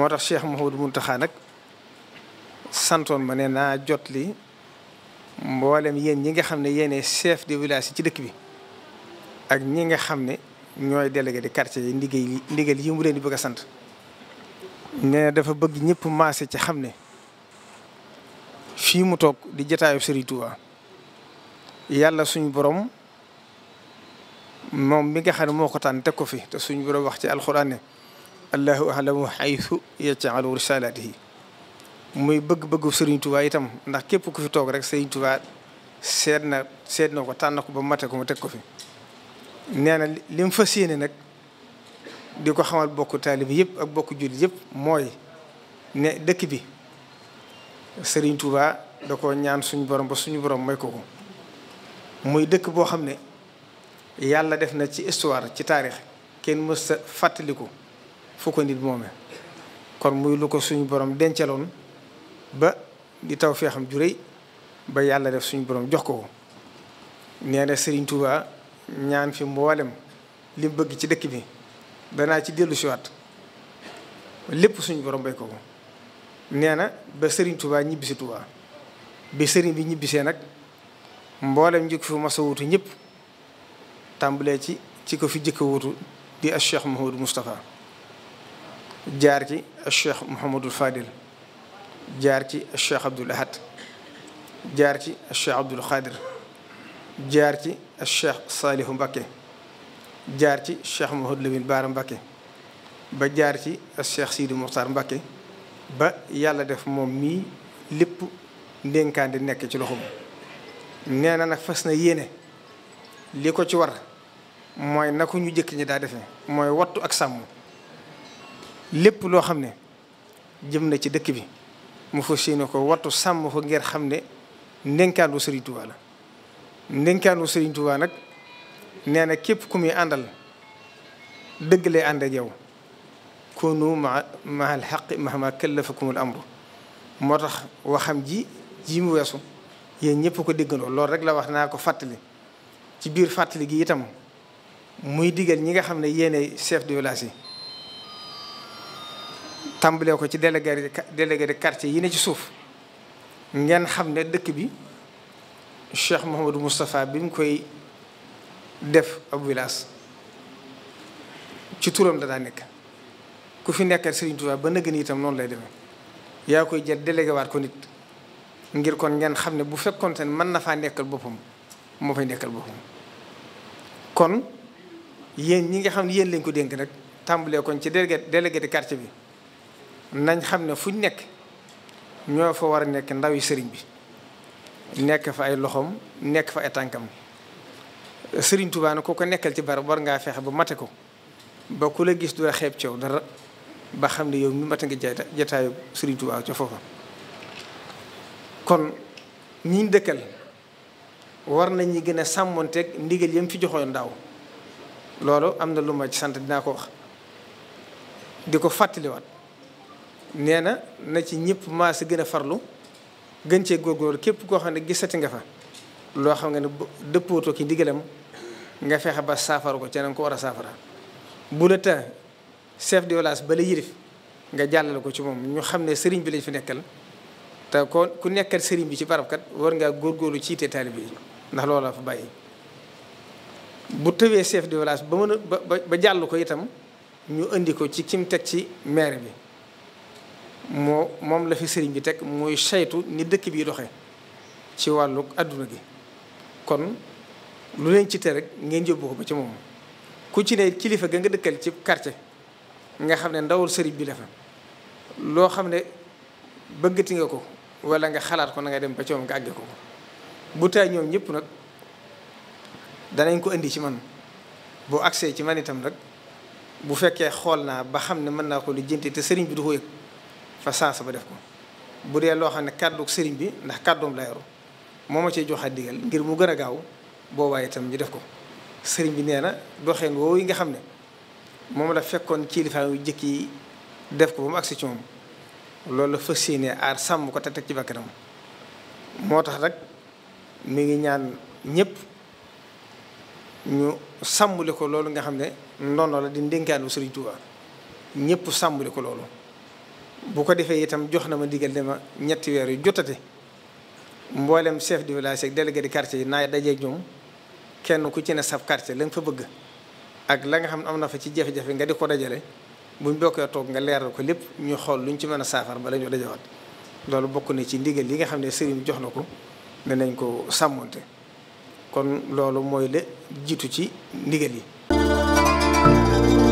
moo tax Cheikh Mouhamadou Mountakha nag santoon ma ne naa jot li mboolem yéen ñi nga xam ne yéenee chef de village yi ci dëkk bi ak ñi nga xam ne ñooy délégué de quartier yi ndigal ndigal yi mu leen di bëgg a sant ne dafa bëgg ñëpp maase ci xam ne fii mu toog di jataayu Serigne Touba yàlla suñu borom moom mi nga xam ne moo ko tànn teg ko fi te suñu borom wax ci alxuraan ne allahu alamu xaytu yajcalu risalaatihi muy bëgg-bëggu Sëriñ Tuubaa itam ndax képp ku fi toog rek Sëriñ Tuubaa seet na seet na ko tànn ko ba mate ko mu teg ko fi nee na li mu fas yéene nag di ko xamal bokk taalibi yëpp ak bokk jullit yépp mooy ne dëkk bi Sëriñ Tuubaa da ko ñaan suñu borom ba suñu borom may ko ko muy dëkk boo xam ne yàlla def na ci histoire ci taarix kenn mës sa fàttaliku fu ko nit moome kon muy lu ko suñu boroom dencaloon ba di taw fee xam ba yàlla def suñu boroom jox ko ko nee na Serigne Touba ñaan fi mboolem li bëgg ci dëkk bi danaa ci dellu siwaat lépp suñu borom bay ko ko nee na ba sëriñ Touba ñibbisi Touba bi sëriñ bi ñibbisee nag mboolem njëkk fi masa wutu ñëpp tàmbalee ci ci ko fi jëkk wutu di as Cheikh Mouhamadou Moustapha jaar ci cheikh Mouhamadul Fadil jaar ci cheikh Abdoul Ahad jaar ci cheikh Abdoul Khadir jaar ci cheikh Salihu Mbakke jaar ci cheikh Mouhamadou Lamine Baara Mbakke ba jaar ci cheikh Sidi Moukhtar Mbakke ba yàlla def moom mii lépp ndénkaan di nekk ci loxoom nee na nag fas na yéene li ko ci war mooy na ko ñu jëkk ñi daa defee mooy wattu ak sàmm. lépp lo xamne ne jëm na ci dëkk bi mu fassiyene ko watu sam ko ngir xamne ne Serigne Touba la. ndénkaan Serigne Touba nak neena kep kumi àndal deug lay ande yow kunu ma al haqq mahma kallafakum amru amr motax waxam ji ji mu wessu yéen ñëpp ko déggandoo lool rek la wax na ko fatali ci bir fatali gi itam muy digal ñi nga xamne yene chef de village tàmbalee ko ci délégué délégué de quartier yi ne ci suuf ngeen xam ne dëkk bi Cheikh Mouhamadou Moustapha bi mu koy def ab village ci turam da nekk ku fi nekkal Serigne Touba ba nëgg ni itam noonu lay demee yaa koy jël délégué ko nit ngir kon ngeen xam ne bu fekkonte ne mën na faa nekkal boppam moo fay nekkal boppam kon yéen ñi nga xam ne yéen lañ ko dénk rek tàmbalee kon ci délégué délégué de bi nañ xam ne fuñ nekk ñoo fa war a nekk yi sëriñ bi nekk fa ay loxom nekk fa ay tànkam sëriñ Tuubaa ne ko ko nekkal ci barab war ngaa fexe ba mate ko ba ku la gis du la xeeb ciow dara ba xam ne yow mi mate nga jata jataayu sëriñ Tuubaa ca foofa kon ñi dëkkal war nañu gën a sàmmonteeg ndigal yëm fi joxoon ndaw loolu am na lu ma ci sant dinaa ko wax di ko fàttaliwaat nee na na ci ñëpp maase gën a farlu gën cee góorgóorlu képp koo xam ne gis gisati nga fa loo xam nga ne dëppootoo ki ndigalam nga fexe ba saafara ko ca na ko war a saafara bu la ta chef de village ba la yirif nga jàllale ko ci moom ñu xam ne sëriñ bi lañ fi nekkal te ko ku nekkal sëriñ bi ci barabkat war ngaa góorgóorlu ci te taalibe yi ndax loolu la fa bàyyi bu tëwee chef de village ba mën a ba ba jàll ko itam ñu indi ko ci kim teg ci maire bi moo moom la fi sëriñ bi teg muy saytu ni dëkk bi doxee ci wàllu adduna gi kon lu leen ci te rek ngeen yóbbu ko ba ci moom ku ci ne kilifa ga nga dëkkal ci quartier nga xam ne ndawul sëriñ bi la fa loo xam ne bëggati nga ko wala nga xalaat ko na nga dem ba ci moom nga àgge ko bu tay ñoom ñëpp nag danañ ko indi ci man boo agsee ci man itam nag bu fekkee xool naa ba xam ne mën naa ko lijjanti te sëriñ bi du ko yëg fa sansa ba def ko bu dee loo xam ne kàddu sëriñ bi ndax kàddoom la yoru moo ma cee joxaat digal ngir mu gën a gaaw boobaa itam ñu def ko sëriñ bi nee na doxeen woowu yi nga xam ne moom la fekkoon kilifa yu jëkk yi def ko ba mu agsi ci moom loolu la fas yéene aar sàmm ko te teg ci bakkanam moo tax rek mi ngi ñaan ñépp ñu sàmmule ko loolu nga xam ne ndono la di ndénkaanu sëriñ Tuubaa ñëpp sàmmule ko loolu bu ko defee itam jox na ma digal ne ma ñetti weer yu jotate mboolem chef de village ak délégué de quartier yi naay dajeeg ñoom kenn ku ci ne sab quartier lañ nga fa bëgg ak la nga xam ne am na fa ci jafe-jafe nga di ko dajale buñ bokkee toog nga leeral ko lépp ñu xool luñ ci mën a saafar ba ñu dajawaat loolu bokk na ci ndigal yi nga xam ne sëriñ jox na ko danañ ko sàmmoonte kon loolu mooy la jiitu ci ndigal yi